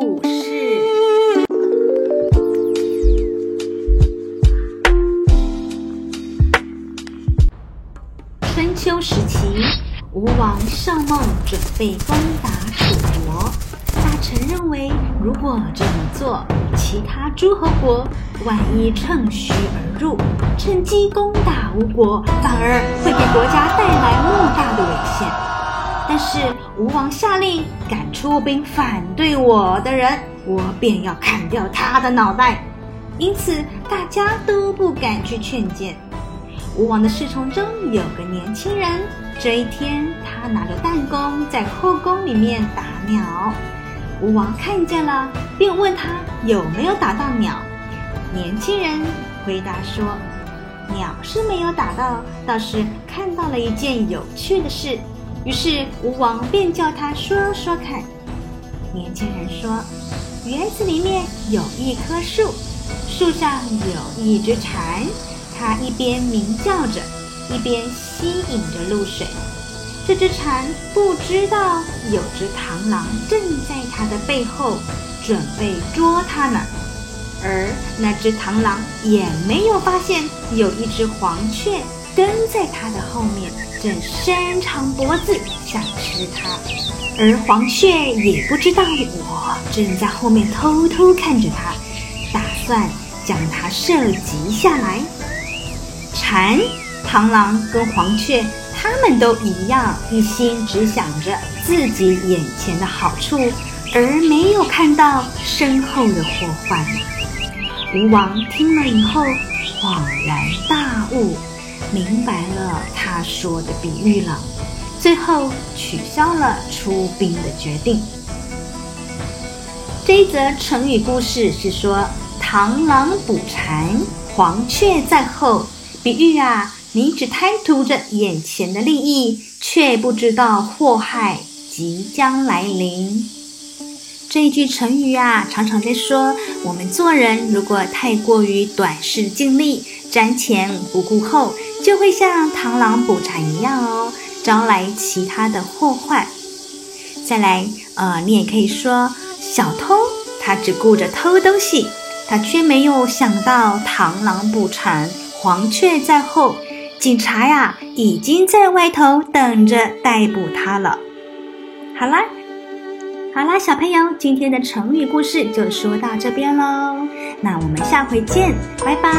故事：春秋時期，吳王壽夢準備攻打楚國，大臣認為，如果這麼做，其他諸侯國萬一趁虛而入，趁機攻打吳國，反而會給國家帶來。是吳王下令，敢出兵反對我的人，我便要砍掉他的腦袋。因此，大家都不敢去勸諫。吳王的侍從中有個年輕人，這一天他拿着彈弓在後宮裡面打鳥。吳王看見了，便問他有沒有打到鳥。年輕人回答說：“鳥是沒有打到，倒是看到了一件有趣的事。”於是吳王便叫他說說看。年輕人說：“園子裡面有一棵樹，樹上有一只蟬，它一邊鳴叫着，一邊吸引着露水。這只蟬不知道有只螳螂正在它的背後準備捉它呢，而那只螳螂也沒有發現有一只黃雀跟在它的後面。”正伸長脖子想吃它，而黃雀也不知道我正在後面偷偷看着它，打算將它射擊下來。蟬、螳螂跟黃雀，它們都一樣，一心只想着自己眼前的好處，而沒有看到身後的禍患。吳王聽了以後，恍然大悟。明白了他說的比喻了，最後取消了出兵的決定。這一則成語故事是說“螳螂捕蟬，黃雀在後”，比喻啊，你只貪圖着眼前的利益，卻不知道禍害即將來臨。這一句成語啊，常常在說我們做人如果太過於短視、近利，瞻前不顧後。就會像螳螂捕蟬一樣哦，招來其他的禍患。再來，呃，你也可以說小偷他只顧着偷東西，他卻沒有想到螳螂捕蟬，黃雀在後。警察呀，已經在外頭等着逮捕他了。好啦，好啦，小朋友，今天的成語故事就說到這邊嘍。那我們下回見，拜拜。